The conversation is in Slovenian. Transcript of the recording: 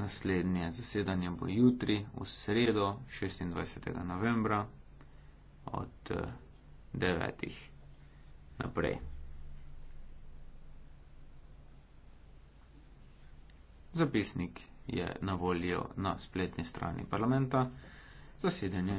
Naslednje zasedanje bo jutri, v sredo, 26. novembra, od 9. naprej. Zapisnik je na voljo na spletni strani parlamenta. Zasedanje.